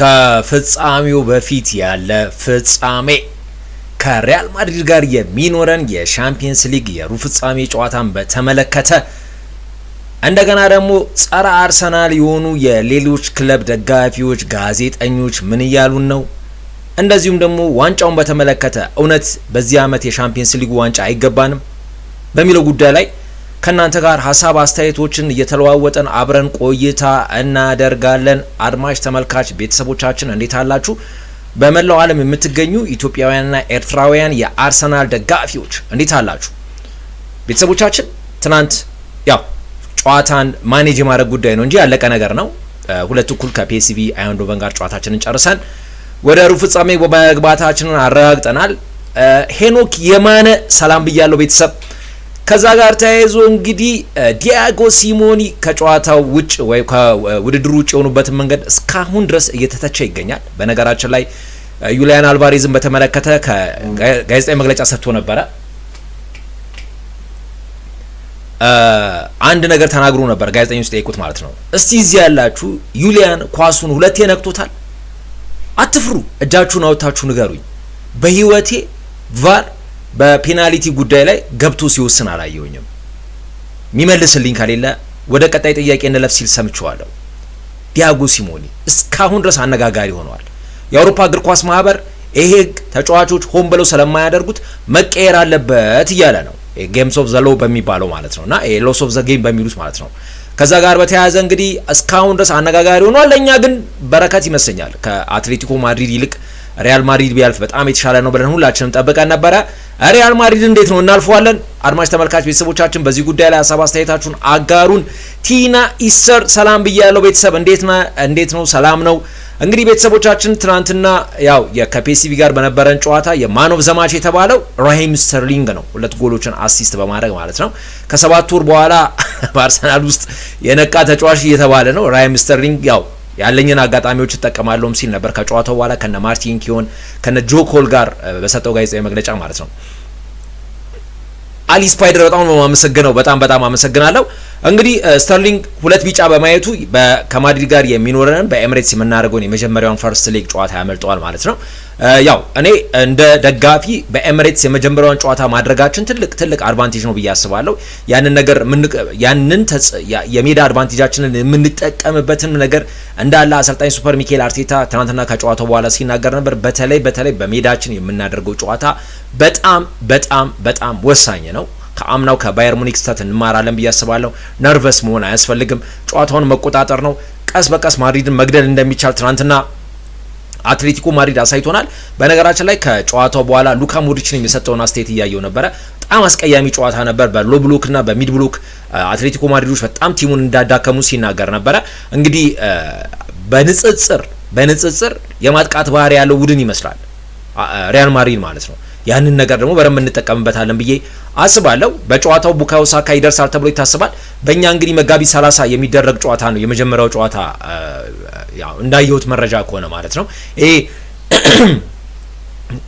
ከፍጻሜው በፊት ያለ ፍጻሜ ከሪያል ማድሪድ ጋር የሚኖረን የሻምፒየንስ ሊግ የሩብ ፍጻሜ ጨዋታን በተመለከተ እንደገና ደግሞ ጸረ አርሰናል የሆኑ የሌሎች ክለብ ደጋፊዎች፣ ጋዜጠኞች ምን እያሉን ነው? እንደዚሁም ደግሞ ዋንጫውን በተመለከተ እውነት በዚህ ዓመት የሻምፒየንስ ሊጉ ዋንጫ አይገባንም በሚለው ጉዳይ ላይ ከእናንተ ጋር ሀሳብ አስተያየቶችን እየተለዋወጠን አብረን ቆይታ እናደርጋለን። አድማጭ ተመልካች ቤተሰቦቻችን እንዴት አላችሁ? በመላው ዓለም የምትገኙ ኢትዮጵያውያንና ኤርትራውያን የአርሰናል ደጋፊዎች እንዴት አላችሁ? ቤተሰቦቻችን ትናንት ያው ጨዋታን ማኔጅ የማድረግ ጉዳይ ነው እንጂ ያለቀ ነገር ነው። ሁለት እኩል ከፒኤስቪ አይንዶቨን ጋር ጨዋታችንን ጨርሰን ወደ ሩብ ፍጻሜ መግባታችንን አረጋግጠናል። ሄኖክ የማነ ሰላም ብያለው ቤተሰብ ከዛ ጋር ተያይዞ እንግዲህ ዲያጎ ሲሞኒ ከጨዋታው ውጭ ወይ ከውድድሩ ውጭ የሆኑበትን መንገድ እስካሁን ድረስ እየተተቸ ይገኛል። በነገራችን ላይ ዩሊያን አልቫሬዝን በተመለከተ ከጋዜጣዊ መግለጫ ሰጥቶ ነበረ። አንድ ነገር ተናግሮ ነበር፣ ጋዜጠኞች ጠይቁት ማለት ነው። እስቲ እዚህ ያላችሁ ዩሊያን ኳሱን ሁለቴ ነክቶታል፣ አትፍሩ፣ እጃችሁን አውጥታችሁ ንገሩኝ። በህይወቴ ቫር በፔናልቲ ጉዳይ ላይ ገብቶ ሲወስን አላየውኝም። የሚመልስልኝ ከሌለ ወደ ቀጣይ ጥያቄ እንለፍ ሲል ሰምቸዋለሁ። ዲያጎ ሲሞኒ እስካሁን ድረስ አነጋጋሪ ሆነዋል። የአውሮፓ እግር ኳስ ማህበር ይሄ ህግ ተጫዋቾች ሆን ብለው ስለማያደርጉት መቀየር አለበት እያለ ነው። ጌምስ ኦፍ ዘ በሚባለው ማለት ነው እና ሎስ ኦፍ ዘ ጌም በሚሉት ማለት ነው። ከዛ ጋር በተያያዘ እንግዲህ እስካሁን ድረስ አነጋጋሪ ሆኗል። ለእኛ ግን በረከት ይመስለኛል ከአትሌቲኮ ማድሪድ ይልቅ ሪያል ማድሪድ ቢያልፍ በጣም የተሻለ ነው ብለን ሁላችንም ጠብቀን ነበረ። ሪያል ማድሪድ እንዴት ነው እናልፈዋለን? አድማጭ ተመልካች ቤተሰቦቻችን በዚህ ጉዳይ ላይ ሀሳብ አስተያየታችሁን አጋሩን። ቲና ኢሰር ሰላም ብያለው ቤተሰብ እንዴት ነው? ሰላም ነው። እንግዲህ ቤተሰቦቻችን ትናንትና ያው ከፔሲቪ ጋር በነበረን ጨዋታ የማን ኦፍ ዘ ማች የተባለው ራሂም ስተርሊንግ ነው። ሁለት ጎሎችን አሲስት በማድረግ ማለት ነው። ከሰባት ወር በኋላ በአርሰናል ውስጥ የነቃ ተጫዋች እየተባለ ነው ራሂም ስተርሊንግ ያው ያለኝን አጋጣሚዎች እጠቀማለሁም ሲል ነበር ከጨዋታው በኋላ ከነ ማርቲን ኪዮን ከነ ጆ ኮል ጋር በሰጠው ጋዜጣዊ መግለጫ ማለት ነው። አሊ ስፓይደር በጣም ነው የማመሰግነው። በጣም በጣም አመሰግናለሁ። እንግዲህ ስተርሊንግ ሁለት ቢጫ በማየቱ ከማድሪድ ጋር የሚኖረን በኤምሬትስ የምናደርገውን የመጀመሪያውን ፈርስት ሌግ ጨዋታ ያመልጠዋል ማለት ነው። ያው እኔ እንደ ደጋፊ በኤምሬትስ የመጀመሪያውን ጨዋታ ማድረጋችን ትልቅ ትልቅ አድቫንቴጅ ነው ብዬ አስባለሁ። ያንን ነገር ያንን የሜዳ አድቫንቴጃችንን የምንጠቀምበትን ነገር እንዳለ አሰልጣኝ ሱፐር ሚካኤል አርቴታ ትናንትና ከጨዋታው በኋላ ሲናገር ነበር። በተለይ በተለይ በሜዳችን የምናደርገው ጨዋታ በጣም በጣም በጣም ወሳኝ ነው። ከአምናው ከባየር ሙኒክ ስህተት እንማራለን ብዬ አስባለሁ። ነርቨስ መሆን አያስፈልግም። ጨዋታውን መቆጣጠር ነው። ቀስ በቀስ ማድሪድን መግደል እንደሚቻል ትናንትና አትሌቲኮ ማድሪድ አሳይቶናል። በነገራችን ላይ ከጨዋታው በኋላ ሉካ ሞድሪችን የሚሰጠውን አስተያየት እያየው ነበረ። በጣም አስቀያሚ ጨዋታ ነበር። በሎ ብሎክ እና በሚድ ብሎክ አትሌቲኮ ማድሪዶች በጣም ቲሙን እንዳዳከሙ ሲናገር ነበረ። እንግዲህ በንጽጽር በንጽጽር የማጥቃት ባህሪ ያለው ቡድን ይመስላል ሪያል ማድሪድ ማለት ነው። ያንን ነገር ደግሞ በደንብ እንጠቀምበታለን ብዬ አስባለሁ። በጨዋታው ቡካዮ ሳካ ይደርሳል ተብሎ ይታስባል። በእኛ እንግዲህ መጋቢት 30 የሚደረግ ጨዋታ ነው የመጀመሪያው ጨዋታ ያው እንዳየሁት መረጃ ከሆነ ማለት ነው ይሄ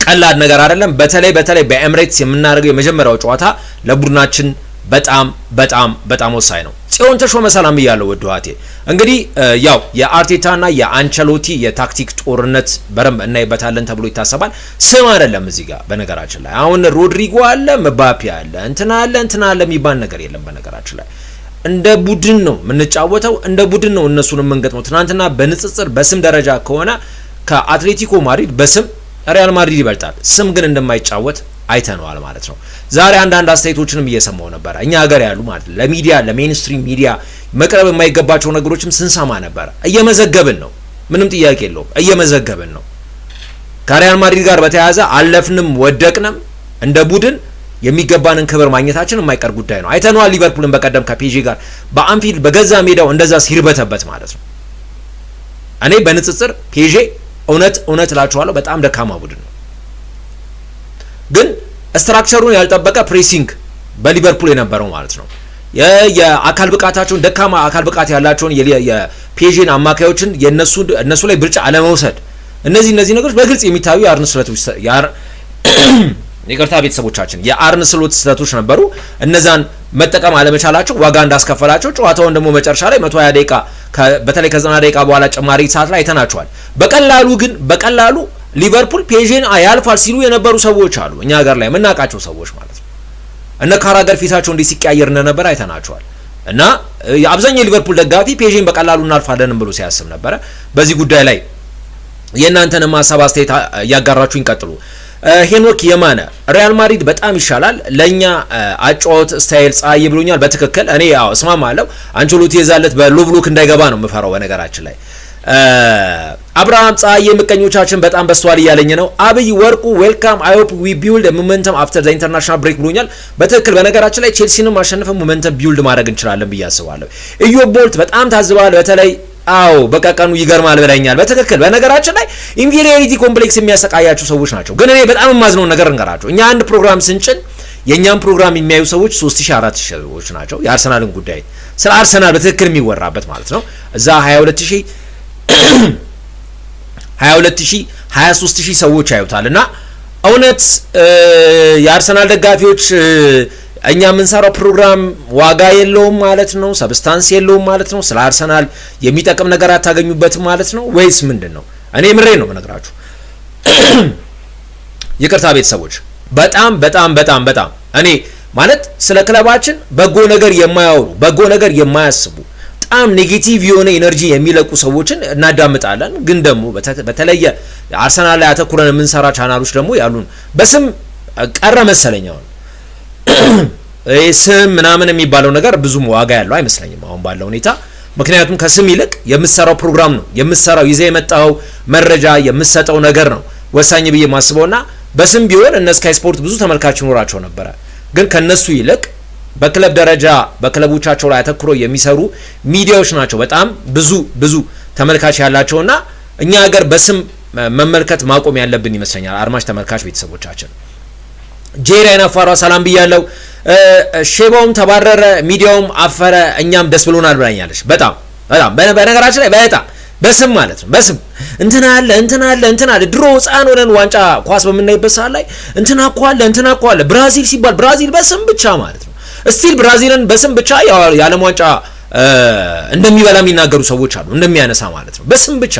ቀላል ነገር አይደለም። በተለይ በተለይ በኤምሬትስ የምናደርገው የመጀመሪያው ጨዋታ ለቡድናችን በጣም በጣም በጣም ወሳኝ ነው። ጽዮን ተሾመ ሰላም እያለው ወደ እንግዲህ ያው የአርቴታና የአንቸሎቲ የታክቲክ ጦርነት በረም እናይበታለን ተብሎ ይታሰባል። ስም አይደለም እዚህ ጋር በነገራችን ላይ አሁን ሮድሪጎ አለ፣ መባፔ አለ፣ እንትና አለ እንትና አለ የሚባል ነገር የለም በነገራችን ላይ እንደ ቡድን ነው የምንጫወተው፣ እንደ ቡድን ነው እነሱን የምንገጥመው። ትናንትና በንጽጽር በስም ደረጃ ከሆነ ከአትሌቲኮ ማድሪድ በስም ሪያል ማድሪድ ይበልጣል። ስም ግን እንደማይጫወት አይተነዋል ማለት ነው። ዛሬ አንዳንድ አስተያየቶችንም እየሰማው ነበረ። እኛ ሀገር ያሉ ማለት ለሚዲያ ለሜንስትሪም ሚዲያ መቅረብ የማይገባቸው ነገሮችም ስንሰማ ነበረ። እየመዘገብን ነው፣ ምንም ጥያቄ የለውም። እየመዘገብን ነው። ከሪያል ማድሪድ ጋር በተያያዘ አለፍንም ወደቅንም እንደ ቡድን የሚገባንን ክብር ማግኘታችን የማይቀር ጉዳይ ነው። አይተነዋል ሊቨርፑልን በቀደም ከፒጂ ጋር በአንፊልድ በገዛ ሜዳው እንደዛ ሲርበተበት ማለት ነው። እኔ በንጽጽር ፒጂ እውነት እውነት እላችኋለሁ በጣም ደካማ ቡድን ነው። ግን ስትራክቸሩን ያልጠበቀ ፕሬሲንግ በሊቨርፑል የነበረው ማለት ነው። የአካል ብቃታቸውን ደካማ አካል ብቃት ያላቸውን የፒጂን አማካዮችን የነሱ እነሱ ላይ ብልጫ አለመውሰድ እነዚህ እነዚህ ነገሮች በግልጽ የሚታዩ የአርነ ስሎት ይቅርታ ቤተሰቦቻችን፣ የአርን ስሎት ስህተቶች ነበሩ። እነዛን መጠቀም አለመቻላቸው ዋጋ እንዳስከፈላቸው ጨዋታውን ደግሞ መጨረሻ ላይ 120 ደቂቃ በተለይ ከዘጠና ደቂቃ በኋላ ጭማሪ ሰዓት ላይ አይተናቸዋል። በቀላሉ ግን በቀላሉ ሊቨርፑል ፔዥን ያልፋል ሲሉ የነበሩ ሰዎች አሉ፣ እኛ ሀገር ላይ የምናውቃቸው ሰዎች ማለት ነው። እነ ካራገር ፊታቸው እንዲህ ሲቀያየር እንደነበር አይተናቸዋል። እና አብዛኛው የሊቨርፑል ደጋፊ ፔዥን በቀላሉ እናልፋለንም ብሎ ሲያስብ ነበረ። በዚህ ጉዳይ ላይ የእናንተንም ሀሳብ አስተያየት እያጋራችሁ ይቀጥሉ። ሄኖክ የማነ ሪያል ማድሪድ በጣም ይሻላል። ለእኛ አጫወት ስታይል ፀሐይ ብሎኛል። በትክክል እኔ ያው እስማማለሁ። አንቸሎቲ የዛለት በሉብሉክ እንዳይገባ ነው የምፈራው። በነገራችን ላይ አብርሃም ፀሐይ ምቀኞቻችን በጣም በስተዋል እያለኝ ነው። አብይ ወርቁ ዌልካም አይ ሆፕ ዊ ቢውልድ ሞመንተም አፍተር ዘ ኢንተርናሽናል ብሬክ ብሎኛል። በትክክል በነገራችን ላይ ቼልሲንም ማሸነፍ ሞመንተም ቢውልድ ማድረግ እንችላለን ብዬ አስባለሁ። ኢዮ ቦልት በጣም ታዝበሃል በተለይ አዎ በቃ ቀኑ ይገርማል ብለኛል። በትክክል በነገራችን ላይ ኢንፌሪዮሪቲ ኮምፕሌክስ የሚያሰቃያቸው ሰዎች ናቸው። ግን እኔ በጣም የማዝነውን ነገር እንገራቸው። እኛ አንድ ፕሮግራም ስንጭን የእኛም ፕሮግራም የሚያዩ ሰዎች 3400 ሰዎች ናቸው። የአርሰናልን ጉዳይ ስለ አርሰናል በትክክል የሚወራበት ማለት ነው። እዛ 22000 22000 23000 ሰዎች ያዩታል እና እውነት የአርሰናል ደጋፊዎች እኛ የምንሰራው ፕሮግራም ዋጋ የለውም ማለት ነው። ሰብስታንስ የለውም ማለት ነው። ስለ አርሰናል የሚጠቅም ነገር አታገኙበትም ማለት ነው ወይስ ምንድን ነው? እኔ ምሬ ነው የምነግራችሁ። ይቅርታ ቤተሰቦች፣ በጣም በጣም በጣም በጣም እኔ ማለት ስለ ክለባችን በጎ ነገር የማያወሩ በጎ ነገር የማያስቡ በጣም ኔጌቲቭ የሆነ ኤነርጂ የሚለቁ ሰዎችን እናዳምጣለን። ግን ደግሞ በተለየ አርሰናል ላይ አተኩረን የምንሰራ ቻናሎች ደግሞ ያሉን በስም ቀረ መሰለኛውን ስም ምናምን የሚባለው ነገር ብዙም ዋጋ ያለው አይመስለኝም አሁን ባለው ሁኔታ። ምክንያቱም ከስም ይልቅ የምትሰራው ፕሮግራም ነው የምትሰራው ይዘ የመጣው መረጃ የምትሰጠው ነገር ነው ወሳኝ ብዬ ማስበውና በስም ቢሆን እነ ስካይ ስፖርት ብዙ ተመልካች ይኖራቸው ነበረ። ግን ከነሱ ይልቅ በክለብ ደረጃ በክለቦቻቸው ላይ አተኩሮ የሚሰሩ ሚዲያዎች ናቸው በጣም ብዙ ብዙ ተመልካች ያላቸውና እኛ ሀገር በስም መመልከት ማቆም ያለብን ይመስለኛል። አድማጭ ተመልካች ቤተሰቦቻችን ጄሪ አይናፋሯ ሰላም ብያለው። ሼባውም ተባረረ፣ ሚዲያውም አፈረ፣ እኛም ደስ ብሎናል ብላኛለች። በጣም በጣም በነገራችን ላይ በጣም በስም ማለት ነው። በስም እንትና አለ እንትና አለ እንትና አለ። ድሮ ህፃን ሆነን ዋንጫ ኳስ በምናይበት ሰዓት ላይ እንትና እኮ አለ እንትና እኮ አለ። ብራዚል ሲባል ብራዚል በስም ብቻ ማለት ነው። እስቲል ብራዚልን በስም ብቻ የዓለም ዋንጫ እንደሚበላ የሚናገሩ ሰዎች አሉ፣ እንደሚያነሳ ማለት ነው። በስም ብቻ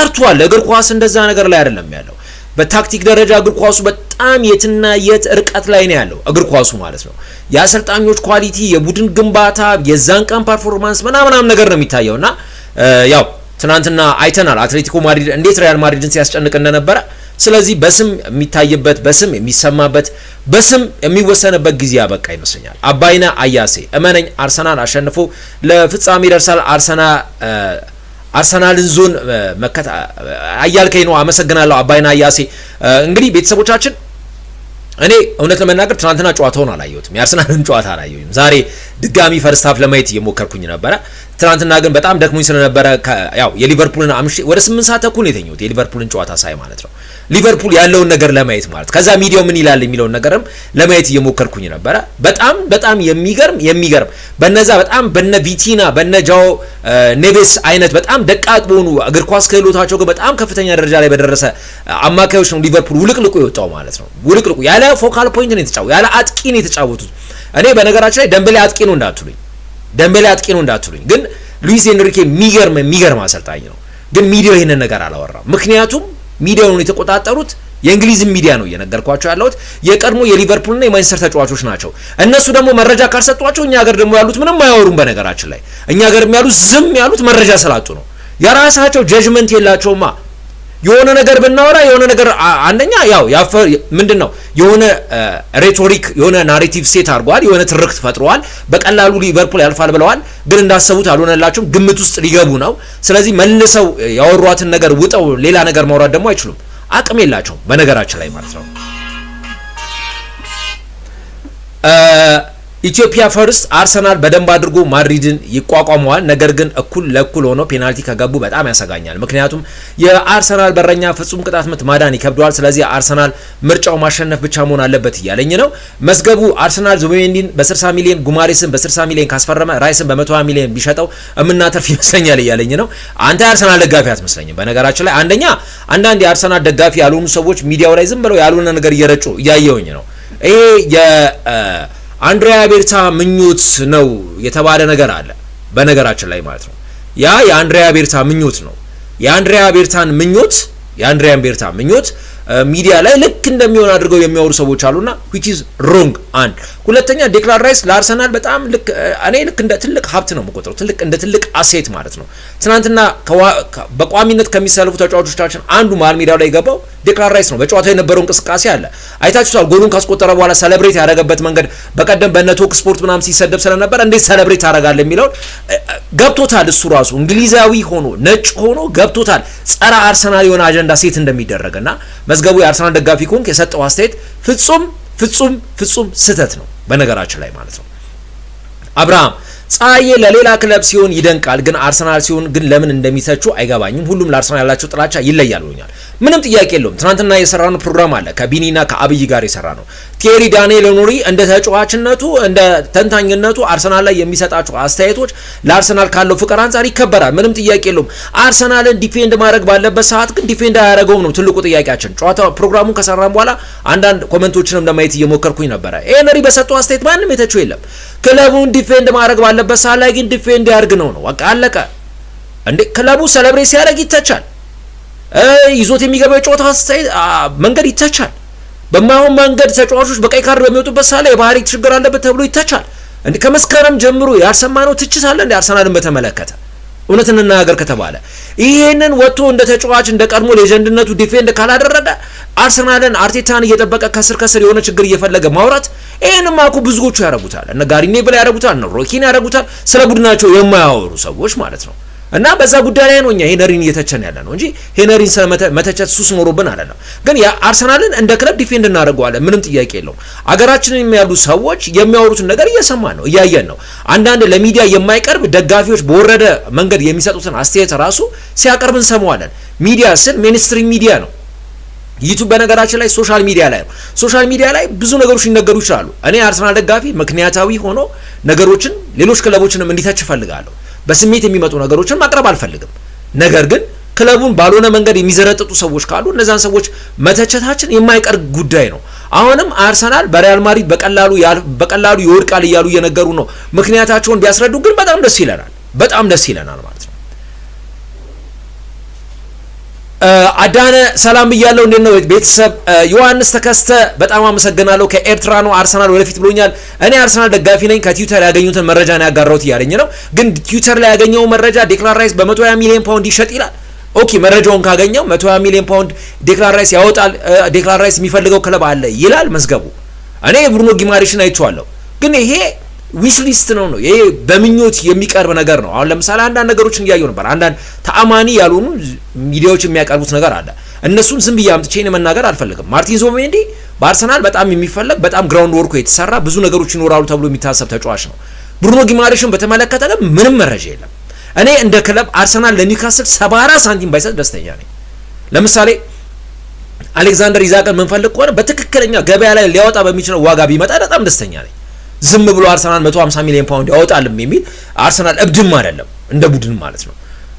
ቀርቷል። እግር ኳስ እንደዛ ነገር ላይ አይደለም ያለው በታክቲክ ደረጃ እግር ኳሱ በጣም የትና የት ርቀት ላይ ነው ያለው እግር ኳሱ ማለት ነው። የአሰልጣኞች ኳሊቲ፣ የቡድን ግንባታ፣ የዛን ቀን ፐርፎርማንስ ምናምናም ነገር ነው የሚታየው እና ያው ትናንትና አይተናል አትሌቲኮ ማድሪድ እንዴት ሪያል ማድሪድን ሲያስጨንቅ እንደነበረ። ስለዚህ በስም የሚታይበት በስም የሚሰማበት በስም የሚወሰንበት ጊዜ ያበቃ ይመስለኛል። አባይነ አያሴ እመነኝ አርሰናል አሸንፎ ለፍጻሜ ይደርሳል። አርሰናል አርሰናልን ዞን መከታ አያልከኝ ነው። አመሰግናለሁ አባይና አያሴ። እንግዲህ ቤተሰቦቻችን እኔ እውነት ለመናገር ትናንትና ጨዋታውን አላየሁትም፣ የአርሰናልን ጨዋታ አላየሁም። ዛሬ ድጋሚ ፈርስት ሀፍ ለማየት እየሞከርኩኝ ነበረ። ትናንትና ግን በጣም ደክሞኝ ስለነበረ ያው የሊቨርፑልን አምሽ ወደ ስምንት ሰዓት ተኩል የተኘሁት የሊቨርፑልን ጨዋታ ሳይ ማለት ነው። ሊቨርፑል ያለውን ነገር ለማየት ማለት ከዛ ሚዲያው ምን ይላል የሚለውን ነገርም ለማየት እየሞከርኩኝ ነበረ። በጣም በጣም የሚገርም የሚገርም በነዛ በጣም በነ ቪቲና በነ ጃው ኔቬስ አይነት በጣም ደቃቅ በሆኑ እግር ኳስ ክህሎታቸው ግን በጣም ከፍተኛ ደረጃ ላይ በደረሰ አማካዮች ነው ሊቨርፑል ውልቅልቁ የወጣው ማለት ነው። ውልቅልቁ ያለ ፎካል ፖይንት ነው የተጫወቱት፣ ያለ አጥቂ ነው የተጫወቱት። እኔ በነገራችን ላይ ደንበሌ አጥቂ ነው እንዳትሉኝ ደምቤላ አጥቂ ነው እንዳትሉኝ፣ ግን ሉዊስ ኤንሪኬ የሚገርም የሚገርም አሰልጣኝ ነው። ግን ሚዲያው ይህንን ነገር አላወራም። ምክንያቱም ሚዲያውን የተቆጣጠሩት የእንግሊዝም ሚዲያ ነው እየነገርኳቸው ያለሁት። የቀድሞ የሊቨርፑልና የማንቸስተር ተጫዋቾች ናቸው። እነሱ ደግሞ መረጃ ካልሰጧቸው፣ እኛ ሀገር ደግሞ ያሉት ምንም አያወሩም። በነገራችን ላይ እኛ ሀገር ያሉት ዝም ያሉት መረጃ ስላጡ ነው። የራሳቸው ጀጅመንት የላቸውማ። የሆነ ነገር ብናወራ የሆነ ነገር አንደኛ ያው ያፈ ምንድን ነው የሆነ ሬቶሪክ የሆነ ናሬቲቭ ሴት አድርጓል። የሆነ ትርክት ፈጥረዋል። በቀላሉ ሊቨርፑል ያልፋል ብለዋል፣ ግን እንዳሰቡት አልሆነላቸውም። ግምት ውስጥ ሊገቡ ነው። ስለዚህ መልሰው ያወሯትን ነገር ውጠው ሌላ ነገር ማውራት ደግሞ አይችሉም። አቅም የላቸውም፣ በነገራችን ላይ ማለት ነው። ኢትዮጵያ ፈርስት አርሰናል በደንብ አድርጎ ማድሪድን ይቋቋመዋል። ነገር ግን እኩል ለእኩል ሆኖ ፔናልቲ ከገቡ በጣም ያሰጋኛል። ምክንያቱም የአርሰናል በረኛ ፍጹም ቅጣት ምት ማዳን ይከብደዋል። ስለዚህ አርሰናል ምርጫው ማሸነፍ ብቻ መሆን አለበት እያለኝ ነው። መዝገቡ አርሰናል ዙቢሜንዲን በ60 ሚሊዮን ጉማሬስን በ60 ሚሊዮን ካስፈረመ ራይስን በ120 ሚሊዮን ቢሸጠው እምናተርፍ ይመስለኛል እያለኝ ነው። አንተ የአርሰናል ደጋፊ አትመስለኝም። በነገራችን ላይ አንደኛ አንዳንድ የአርሰናል ደጋፊ ያልሆኑ ሰዎች ሚዲያው ላይ ዝም ብለው ያልሆነ ነገር እየረጩ እያየውኝ ነው ይሄ አንድሪያ ቤርታ ምኞት ነው የተባለ ነገር አለ በነገራችን ላይ ማለት ነው። ያ የአንድሪያ ቤርታ ምኞት ነው። የአንድሪያ ቤርታን ምኞት የአንድሪያን ቤርታ ምኞት ሚዲያ ላይ ልክ እንደሚሆን አድርገው የሚያወሩ ሰዎች አሉና which is wrong አንድ ሁለተኛ ዴክላን ራይስ ለአርሰናል በጣም ልክ እኔ ልክ እንደ ትልቅ ሀብት ነው የምቆጥረው፣ ትልቅ እንደ ትልቅ አሴት ማለት ነው። ትናንትና በቋሚነት ከሚሰልፉ ተጫዋቾቻችን አንዱ መሀል ሜዳው ላይ ገባው ዴክላን ራይስ ነው። በጨዋታው የነበረው እንቅስቃሴ አለ አይታችሁታል። ጎሉን ካስቆጠረ በኋላ ሰለብሬት ያደረገበት መንገድ በቀደም በነቶክ ስፖርት ምናምን ሲሰደብ ስለነበረ እንዴት ሰለብሬት ታደርጋለህ የሚለውን ገብቶታል። እሱ ራሱ እንግሊዛዊ ሆኖ ነጭ ሆኖ ገብቶታል። ጸረ አርሰናል የሆነ አጀንዳ ሴት እንደሚደረግ እና መዝገቡ የአርሰናል ደጋፊ ኮንክ የሰጠው አስተያየት ፍጹም ፍጹም ፍጹም ስህተት ነው። በነገራችን ላይ ማለት ነው አብርሃም ፀሐዬ ለሌላ ክለብ ሲሆን ይደንቃል፣ ግን አርሰናል ሲሆን ግን ለምን እንደሚተቹ አይገባኝም። ሁሉም ለአርሰናል ያላቸው ጥላቻ ይለያል ብሎኛል። ምንም ጥያቄ የለውም። ትናንትና የሰራነው ፕሮግራም አለ ከቢኒና ከአብይ ጋር የሰራ ነው። ቴሪ ዳንኤል ኖሪ እንደ ተጫዋችነቱ እንደ ተንታኝነቱ አርሰናል ላይ የሚሰጣቸው አስተያየቶች ለአርሰናል ካለው ፍቅር አንጻር ይከበራል። ምንም ጥያቄ የለውም። አርሰናልን ዲፌንድ ማድረግ ባለበት ሰዓት ግን ዲፌንድ አያደረገውም ነው ትልቁ ጥያቄያችን። ጨዋታ ፕሮግራሙን ከሰራን በኋላ አንዳንድ ኮመንቶችንም ለማየት እየሞከርኩኝ ነበረ። ኤነሪ በሰጠው አስተያየት ማንም የተቸው የለም ክለቡን ዲፌንድ ማድረግ ባለበት ሰዓት ላይ ግን ዲፌንድ ያርግ ነው ነው በቃ አለቀ። እንዴ ክለቡ ሰለብሬት ሲያደርግ ይተቻል፣ ይዞት የሚገባው የጨዋታ መንገድ ይተቻል። በማይሆን መንገድ ተጫዋቾች በቀይ ካርድ በሚወጡበት ሰዓት ላይ የባህሪ ችግር አለበት ተብሎ ይተቻል። እንዴ ከመስከረም ጀምሮ ያልሰማነው ትችት አለ እንዴ አርሰናልን በተመለከተ እውነት እንናገር ከተባለ ይሄንን ወጥቶ እንደ ተጫዋች እንደ ቀድሞ ሌጀንድነቱ ዲፌንድ ካላደረገ አርሰናልን አርቴታን እየጠበቀ ከስር ከስር የሆነ ችግር እየፈለገ ማውራት ይሄንማ እኮ ብዙዎቹ ያረጉታል። እነ ጋሪ ኔብል ያረጉታል፣ እነ ሮኪን ያረጉታል። ስለ ቡድናቸው የማያወሩ ሰዎች ማለት ነው። እና በዛ ጉዳይ ላይ ነው እኛ ሄነሪን እየተቸን ያለ ነው እንጂ ሄነሪን መተቸት ሱስ ኖሮብን አይደለም። ግን የአርሰናልን እንደ ክለብ ዲፌንድ እናደርገዋለን፣ ምንም ጥያቄ የለውም። አገራችንን ያሉ ሰዎች የሚያወሩትን ነገር እየሰማን ነው፣ እያየን ነው። አንዳንድ ለሚዲያ የማይቀርብ ደጋፊዎች በወረደ መንገድ የሚሰጡትን አስተያየት ራሱ ሲያቀርብ እንሰማዋለን። ሚዲያ ስል ሜንስትሪም ሚዲያ ነው። ዩቱብ በነገራችን ላይ ሶሻል ሚዲያ ላይ ነው። ሶሻል ሚዲያ ላይ ብዙ ነገሮች ሊነገሩ ይችላሉ። እኔ አርሰናል ደጋፊ ምክንያታዊ ሆኖ ነገሮችን ሌሎች ክለቦችንም እንዲተች እፈልጋለሁ። በስሜት የሚመጡ ነገሮችን ማቅረብ አልፈልግም። ነገር ግን ክለቡን ባልሆነ መንገድ የሚዘረጥጡ ሰዎች ካሉ እነዛን ሰዎች መተቸታችን የማይቀር ጉዳይ ነው። አሁንም አርሰናል በሪያል ማድሪድ በቀላሉ በቀላሉ ይወድቃል እያሉ እየነገሩ ነው። ምክንያታቸውን ቢያስረዱ ግን በጣም ደስ ይለናል፣ በጣም ደስ ይለናል ማለት ነው። አዳነ ሰላም ብያለሁ። እንዴት ነው ቤተሰብ? ዮሐንስ ተከስተ በጣም አመሰግናለሁ። ከኤርትራ ነው አርሰናል ወደፊት ብሎኛል። እኔ አርሰናል ደጋፊ ነኝ። ከትዊተር ያገኙትን መረጃ ነው ያጋራሁት እያለኝ ነው። ግን ትዊተር ላይ ያገኘው መረጃ ዴክላን ራይስ በ120 ሚሊዮን ፓውንድ ይሸጥ ይላል። ኦኬ መረጃውን ካገኘው 120 ሚሊዮን ፓውንድ ዴክላን ራይስ ያወጣል። ዴክላን ራይስ የሚፈልገው ክለብ አለ ይላል መዝገቡ። እኔ ብሩኖ ጊማሪሽን አይቼዋለሁ። ግን ይሄ ዊሽ ሊስት ነው ነው ይሄ በምኞት የሚቀርብ ነገር ነው። አሁን ለምሳሌ አንዳንድ ነገሮችን እያየሁ ነበር። አንዳንድ ተአማኒ ያልሆኑ ሚዲያዎች የሚያቀርቡት ነገር አለ። እነሱን ዝም ብዬ አምጥቼ እኔ መናገር አልፈልግም። ማርቲን ዙቢሜንዲ በአርሰናል በጣም የሚፈለግ በጣም ግራውንድ ወርኩ የተሰራ ብዙ ነገሮች ይኖራሉ ተብሎ የሚታሰብ ተጫዋች ነው። ብሩኖ ጊማሬሽን በተመለከተ ምንም መረጃ የለም። እኔ እንደ ክለብ አርሰናል ለኒውካስል ሰባ ሳንቲም ባይሰጥ ደስተኛ ነኝ። ለምሳሌ አሌክዛንደር ይዛቅን የምንፈልግ ከሆነ በትክክለኛ ገበያ ላይ ሊያወጣ በሚችለው ዋጋ ቢመጣ በጣም ደስተኛ ነኝ። ዝም ብሎ አርሰናል 150 ሚሊዮን ፓውንድ ያወጣልም የሚል አርሰናል እብድም አይደለም እንደ ቡድን ማለት ነው።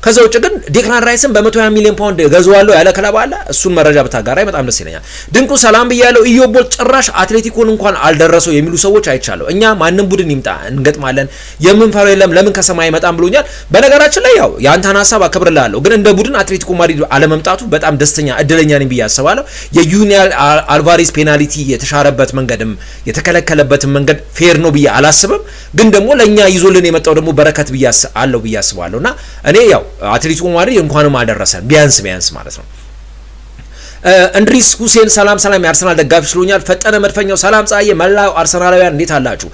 ከዛ ውጭ ግን ዴክላን ራይስን በመቶ 120 ሚሊዮን ፓውንድ ገዘዋለሁ ያለ ክለብ አለ። እሱን መረጃ ብታጋራይ በጣም ደስ ይለኛል። ድንቁ ሰላም ብያለው። ኢዮቦል ጭራሽ አትሌቲኮን እንኳን አልደረሰው የሚሉ ሰዎች አይቻለሁ። እኛ ማንም ቡድን ይምጣ እንገጥማለን፣ የምንፈራው የለም፣ ለምን ከሰማይ አይመጣም ብሎኛል። በነገራችን ላይ ያው የአንተን ሀሳብ አከብርላለሁ፣ ግን እንደ ቡድን አትሌቲኮ ማድሪድ አለመምጣቱ በጣም ደስተኛ እድለኛ ነኝ ብዬ አስባለሁ። የዩኒያል አልቫሬስ ፔናልቲ የተሻረበት መንገድም የተከለከለበትን መንገድ ፌር ነው ብዬ አላስብም፣ ግን ደግሞ ለእኛ ይዞልን የመጣው ደግሞ በረከት አለው ብዬ አስባለሁ እና እኔ ያው አትሌቲኮ ማድሪድ እንኳንም አደረሰ ቢያንስ ቢያንስ ማለት ነው። እንድሪስ ሁሴን ሰላም ሰላም፣ የአርሰናል ደጋፊ ስሎኛል። ፈጠነ መድፈኛው ሰላም ፀሐዬ፣ መላው አርሰናላውያን እንዴት አላችሁ?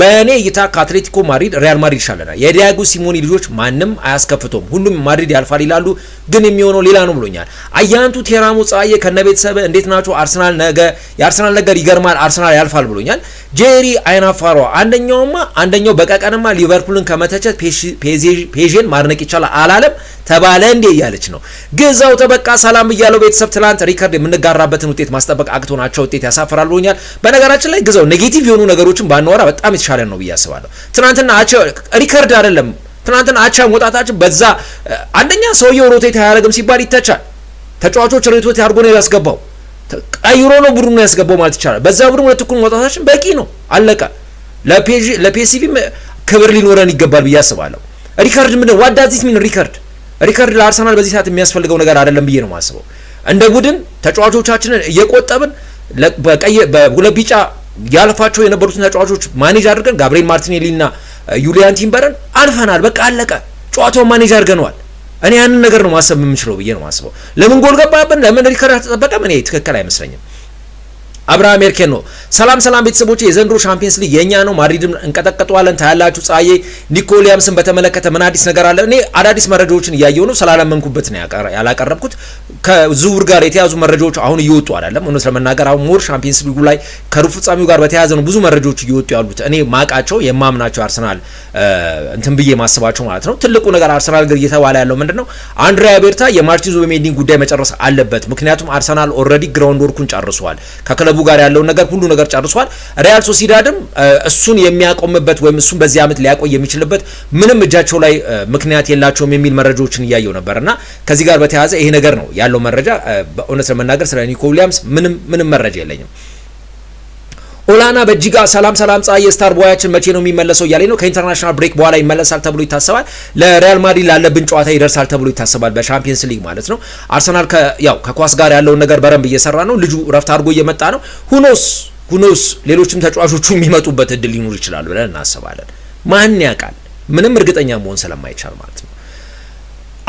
በእኔ እይታ ከአትሌቲኮ ማድሪድ ሪያል ማድሪድ ይሻለናል። የዲያጎ ሲሞኒ ልጆች ማንም አያስከፍቶም፣ ሁሉም ማድሪድ ያልፋል ይላሉ፣ ግን የሚሆነው ሌላ ነው ብሎኛል። አያንቱ ቴራሙ ጻዬ ከነ ቤተሰብ እንዴት ናቸው? አርሰናል ነገ የአርሰናል ነገር ይገርማል፣ አርሰናል ያልፋል ብሎኛል። ጄሪ አይናፋሯ፣ አንደኛውማ አንደኛው በቀቀንማ ሊቨርፑልን ከመተቸት ፔዥን ማድነቅ ይቻላል አላለም ተባለ እንዴ እያለች ነው። ግዛው ተበቃ ሰላም እያለው ቤተሰብ ትላንት ሪከርድ የምንጋራበትን ውጤት ማስጠበቅ አቅቶናቸው ውጤት ያሳፍራል ብሎኛል። በነገራችን ላይ ግዘው ኔጌቲቭ የሆኑ ነገሮችን ባናወራ በጣም የተሻለ ነው ብዬ አስባለሁ። ትናንትና ሪከርድ አይደለም ትናንትና አቻ መውጣታችን በዛ አንደኛ ሰውየው ሮቴት አያደርግም ሲባል ይተቻል። ተጫዋቾች ሮቴት አድርጎ ነው ያስገባው፣ ቀይሮ ነው ቡድኑ ያስገባው ማለት ይቻላል። በዛ ቡድን ሁለት እኩል መውጣታችን በቂ ነው፣ አለቀ። ለፒኤስቪም ክብር ሊኖረን ይገባል ብዬ አስባለሁ። ሪከርድ ምንድን ዋዳዚት ሚን ሪከርድ ሪከርድ ለአርሰናል በዚህ ሰዓት የሚያስፈልገው ነገር አይደለም ብዬ ነው የማስበው። እንደ ቡድን ተጫዋቾቻችንን እየቆጠብን በሁለት ቢጫ ያልፋቸው የነበሩትን ተጫዋቾች ማኔጅ አድርገን ጋብሪኤል ማርቲኔሊና ዩሊያን ቲምበርን አልፈናል። በቃ አለቀ። ጨዋታውን ማኔጅ አድርገነዋል። እኔ ያንን ነገር ነው ማሰብ የምችለው ብዬ ነው ማስበው። ለምን ጎል ገባብን? ለምን ሪከር ተጠበቀም? እኔ ትክክል አይመስለኝም። አብርሃም ሄርኬን ነው። ሰላም ሰላም ቤተሰቦች፣ የዘንድሮ ሻምፒየንስ ሊግ የኛ ነው። ማድሪድም እንቀጠቀጠዋለን ታያላችሁ። ፀሐዬ ኒኮሊያምስን በተመለከተ ምን አዲስ ነገር አለ? እኔ አዳዲስ መረጃዎችን እያየው ነው። ስላላመንኩበት ነው ያላቀረብኩት። ከዝውውር ጋር የተያዙ መረጃዎች አሁን እየወጡ አይደለም። እውነት ለመናገር አሁን ሞር ሻምፒየንስ ሊጉ ላይ ከሩብ ፍጻሜው ጋር በተያያዘ ነው ብዙ መረጃዎች እየወጡ ያሉት። እኔ ማቃቸው የማምናቸው አርሰናል እንትን ብዬ ማስባቸው ማለት ነው። ትልቁ ነገር አርሰናል ግን እየተባለ ያለው ምንድን ነው? አንድሪያ ቤርታ የማርቲን ዙቢሜንዲን ጉዳይ መጨረስ አለበት። ምክንያቱም አርሰናል ኦልሬዲ ግራውንድ ወርኩን ጨርሷል። ክለቡ ጋር ያለውን ነገር ሁሉ ነገር ጨርሷል። ሪያል ሶሲዳድም እሱን የሚያቆምበት ወይም እሱን በዚህ ዓመት ሊያቆይ የሚችልበት ምንም እጃቸው ላይ ምክንያት የላቸውም የሚል መረጃዎችን እያየው ነበር እና ከዚህ ጋር በተያያዘ ይሄ ነገር ነው ያለው መረጃ። በእውነት ለመናገር ስለ ኒኮ ዊሊያምስ ምንም ምንም መረጃ የለኝም። ኦላና በጅጋ ሰላም ሰላም ፀሐይ የስታር ቦያችን መቼ ነው የሚመለሰው እያለኝ ነው። ከኢንተርናሽናል ብሬክ በኋላ ይመለሳል ተብሎ ይታሰባል። ለሪያል ማድሪድ ላለብን ጨዋታ ይደርሳል ተብሎ ይታሰባል፣ በሻምፒየንስ ሊግ ማለት ነው። አርሰናል ያው ከኳስ ጋር ያለውን ነገር በረንብ እየሰራ ነው። ልጁ ረፍት አድርጎ እየመጣ ነው። ሁኖስ ሁኖስ ሌሎችም ተጫዋቾቹ የሚመጡበት እድል ሊኖር ይችላል ብለን እናስባለን። ማን ያውቃል? ምንም እርግጠኛ መሆን ስለማይቻል ማለት ነው።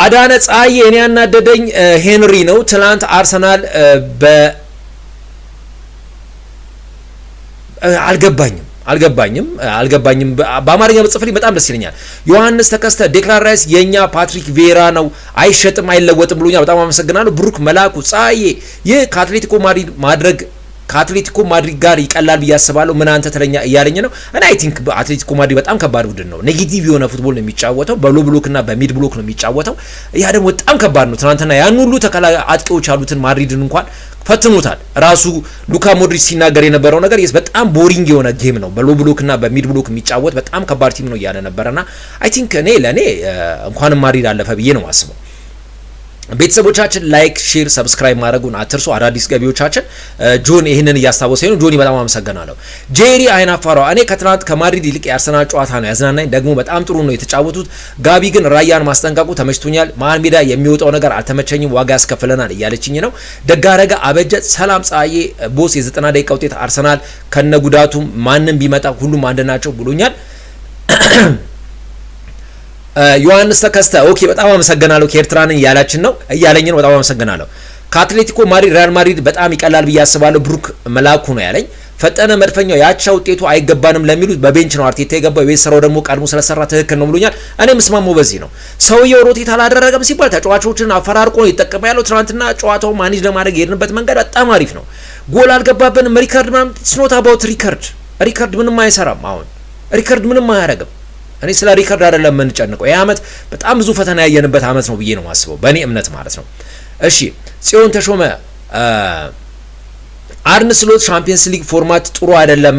አዳነ ፀሐይ እኔ ያናደደኝ ሄንሪ ነው። ትናንት አርሰናል በ አልገባኝም አልገባኝም አልገባኝም። በአማርኛ በጽፍልኝ በጣም ደስ ይለኛል። ዮሐንስ ተከስተ ዴክላን ራይስ የእኛ ፓትሪክ ቬራ ነው፣ አይሸጥም አይለወጥም ብሎኛል። በጣም አመሰግናለሁ። ብሩክ መላኩ ጻዬ፣ ይህ ከአትሌቲኮ ማድረግ ከአትሌቲኮ ማድሪድ ጋር ይቀላል ብዬ አስባለሁ። ምን አንተ ተለኛ እያለኝ ነው እና አይ ቲንክ አትሌቲኮ ማድሪድ በጣም ከባድ ቡድን ነው። ኔጌቲቭ የሆነ ፉትቦል ነው የሚጫወተው። በሎ ብሎክ እና በሚድ ብሎክ ነው የሚጫወተው። ያ ደግሞ በጣም ከባድ ነው። ትናንትና ያን ሁሉ ተከላካይ አጥቂዎች ያሉትን ማድሪድን እንኳን ፈትኖታል። ራሱ ሉካ ሞድሪች ሲናገር የነበረው ነገር የስ በጣም ቦሪንግ የሆነ ጌም ነው። በሎ ብሎክ እና በሚድ ብሎክ የሚጫወት በጣም ከባድ ቲም ነው እያለ ነበረና አይ ቲንክ እኔ ለእኔ እንኳንም ማድሪድ አለፈ ብዬ ነው ማስበው። ቤተሰቦቻችን ላይክ ሼር ሰብስክራይብ ማድረጉን አትርሱ። አዳዲስ ገቢዎቻችን ጆን ይህንን እያስታወሰ ነው። ጆኒ በጣም አመሰግናለሁ። ጄሪ አይናፋሯ እኔ ከትናንት ከማድሪድ ይልቅ የአርሰናል ጨዋታ ነው ያዝናናኝ፣ ደግሞ በጣም ጥሩ ነው የተጫወቱት። ጋቢ ግን ራያን ማስጠንቀቁ ተመችቶኛል። መሀል ሜዳ የሚወጣው ነገር አልተመቸኝም፣ ዋጋ ያስከፍለናል እያለችኝ ነው። ደጋረገ አበጀ፣ ሰላም ፀሐዬ ቦስ፣ የዘጠና ደቂቃ ውጤት አርሰናል ከነጉዳቱም ማንም ቢመጣ ሁሉም አንድ ናቸው ብሎኛል። ዮሐንስ ተከስተ ኦኬ፣ በጣም አመሰግናለሁ ከኤርትራን እያላችን ነው እያለኝ ነው። በጣም አመሰግናለሁ። ከአትሌቲኮ ማድሪድ ሪያል ማድሪድ በጣም ይቀላል ብዬ አስባለሁ። ብሩክ መላኩ ነው ያለኝ። ፈጠነ መድፈኛው ያቻ ውጤቱ አይገባንም ለሚሉት በቤንች ነው አርቴታ የገባው። የቤት ስራው ደግሞ ቀድሞ ስለሰራ ትክክል ነው ብሎኛል። እኔም እስማማው በዚህ ነው። ሰውየው ሮቴት አላደረገም ሲባል ተጫዋቾችን አፈራርቆ ነው የተጠቀመ ያለው። ትናንትና ጨዋታው ማኔጅ ለማድረግ የሄድንበት መንገድ በጣም አሪፍ ነው። ጎል አልገባብንም። ሪከርድ ምናምን ስኖት አባውት ሪከርድ ሪከርድ ምንም አይሰራም። አሁን ሪከርድ ምንም አያደርግም። እኔ ስለ ሪከርድ አይደለም የምንጨንቀው። ይህ አመት በጣም ብዙ ፈተና ያየንበት አመት ነው ብዬ ነው ማስበው፣ በእኔ እምነት ማለት ነው። እሺ ጽዮን ተሾመ አርነ ስሎት ሻምፒየንስ ሊግ ፎርማት ጥሩ አይደለም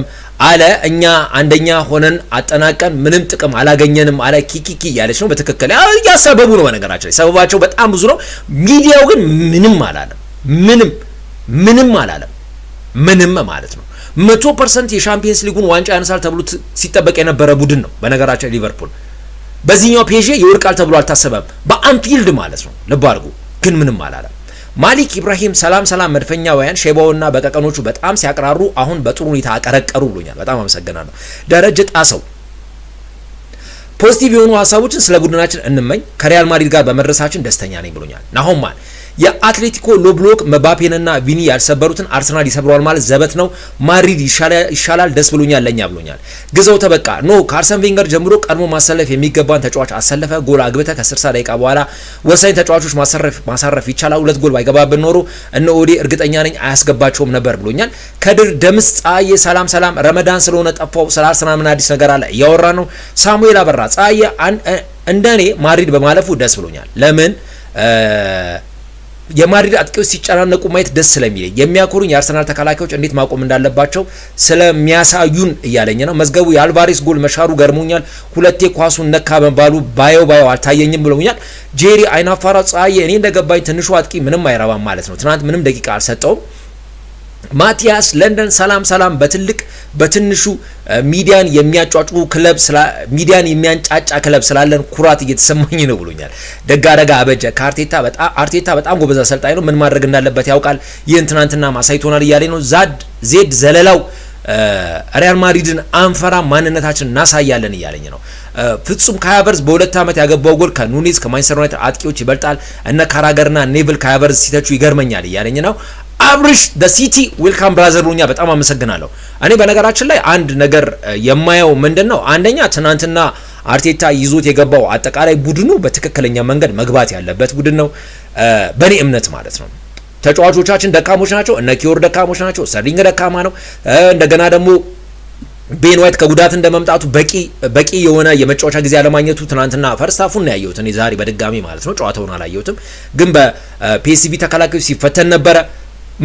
አለ። እኛ አንደኛ ሆነን አጠናቀን ምንም ጥቅም አላገኘንም አለ። ኪኪኪ እያለች ነው። በትክክል እያሰበቡ ነው። በነገራችን ላይ ሰበባቸው በጣም ብዙ ነው። ሚዲያው ግን ምንም አላለም። ምንም ምንም አላለም። ምንም ማለት ነው። መቶ ፐርሰንት የሻምፒየንስ ሊጉን ዋንጫ ያነሳል ተብሎ ሲጠበቅ የነበረ ቡድን ነው። በነገራችን ሊቨርፑል በዚህኛው ፔ ይወድቃል ተብሎ አልታሰበም። በአንፊልድ ማለት ነው። ልብ አድርጉ። ግን ምንም አላለም። ማሊክ ኢብራሂም ሰላም ሰላም፣ መድፈኛውያን ሼባውና በቀቀኖቹ በጣም ሲያቅራሩ አሁን በጥሩ ሁኔታ አቀረቀሩ ብሎኛል። በጣም አመሰግናለሁ ደረጀ ጣሰው። ፖዚቲቭ የሆኑ ሀሳቦችን ስለ ቡድናችን እንመኝ። ከሪያል ማድሪድ ጋር በመድረሳችን ደስተኛ ነኝ ብሎኛል ናሆማል የአትሌቲኮ ሎብሎክ መባፔንና ቪኒ ያልሰበሩትን አርሰናል ይሰብረዋል ማለት ዘበት ነው። ማድሪድ ይሻላል፣ ደስ ብሎኛል፣ ለኛ ብሎኛል። ግዘው ተበቃ ኖ ከአርሰን ቬንገር ጀምሮ ቀድሞ ማሰለፍ የሚገባን ተጫዋች አሰለፈ። ጎል አግብተ ከ60 ደቂቃ በኋላ ወሳኝ ተጫዋቾች ማሳረፍ ይቻላል። ሁለት ጎል ባይገባብን ኖሮ እነ ኦዴ እርግጠኛ ነኝ አያስገባቸውም ነበር ብሎኛል። ከድር ደምስ ጸሐዬ ሰላም ሰላም። ረመዳን ስለሆነ ጠፋው። ስለ አርሰናል ምን አዲስ ነገር አለ እያወራ ነው። ሳሙኤል አበራ ጸሐዬ እንደኔ ማድሪድ በማለፉ ደስ ብሎኛል። ለምን የማድሪድ አጥቂዎች ሲጨናነቁ ማየት ደስ ስለሚለኝ የሚያኮሩኝ የአርሰናል ተከላካዮች እንዴት ማቆም እንዳለባቸው ስለሚያሳዩን እያለኝ ነው። መዝገቡ የአልቫሬስ ጎል መሻሩ ገርሞኛል። ሁለቴ ኳሱን ነካ መባሉ ባየው ባየው አልታየኝም ብለውኛል። ጄሪ አይናፋራ ፀሐዬ፣ እኔ እንደገባኝ ትንሹ አጥቂ ምንም አይረባም ማለት ነው። ትናንት ምንም ደቂቃ አልሰጠውም። ማቲያስ ለንደን ሰላም ሰላም። በትልቅ በትንሹ ሚዲያን የሚያጫጩ ክለብ ሚዲያን የሚያንጫጫ ክለብ ስላለን ኩራት እየተሰማኝ ነው ብሎኛል። ደጋረጋ አበጀ ከአርቴታ በጣም አርቴታ በጣም ጎበዝ አሰልጣኝ ነው፣ ምን ማድረግ እንዳለበት ያውቃል። ይህን ትናንትና ማሳይቶናል እያለኝ ነው። ዛድ ዜድ ዘለላው ሪያል ማድሪድን አንፈራ ማንነታችን እናሳያለን እያለኝ ነው። ፍጹም ካያቨርዝ በሁለት ዓመት ያገባው ጎል ከኑኒዝ ከማንቸስተር ዩናይትድ አጥቂዎች ይበልጣል። እነ ካራገርና ኔቭል ካያቨርዝ ሲተቹ ይገርመኛል እያለኝ ነው። አብርሽ ደ ሲቲ ዌልካም ብራዘር ብሎኛ። በጣም አመሰግናለሁ። እኔ በነገራችን ላይ አንድ ነገር የማየው ምንድን ነው፣ አንደኛ ትናንትና አርቴታ ይዞት የገባው አጠቃላይ ቡድኑ በትክክለኛ መንገድ መግባት ያለበት ቡድን ነው፣ በእኔ እምነት ማለት ነው። ተጫዋቾቻችን ደካሞች ናቸው። እነ ኪዮር ደካሞች ናቸው። ሰርሊንግ ደካማ ነው። እንደገና ደግሞ ቤን ዋይት ከጉዳት እንደመምጣቱ በቂ በቂ የሆነ የመጫወቻ ጊዜ አለማግኘቱ ትናንትና ፈርስታፉን ነው ያየሁት እኔ ዛሬ በድጋሚ ማለት ነው። ጨዋታውን አላየሁትም፣ ግን በፒኤስቪ ተከላካዮች ሲፈተን ነበረ።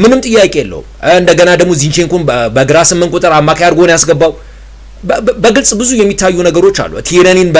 ምንም ጥያቄ የለውም። እንደገና ደግሞ ዚንቼንኮን በግራ ስምንት ቁጥር አማካይ አድርጎ ነው ያስገባው። በግልጽ ብዙ የሚታዩ ነገሮች አሉ ቲረኒን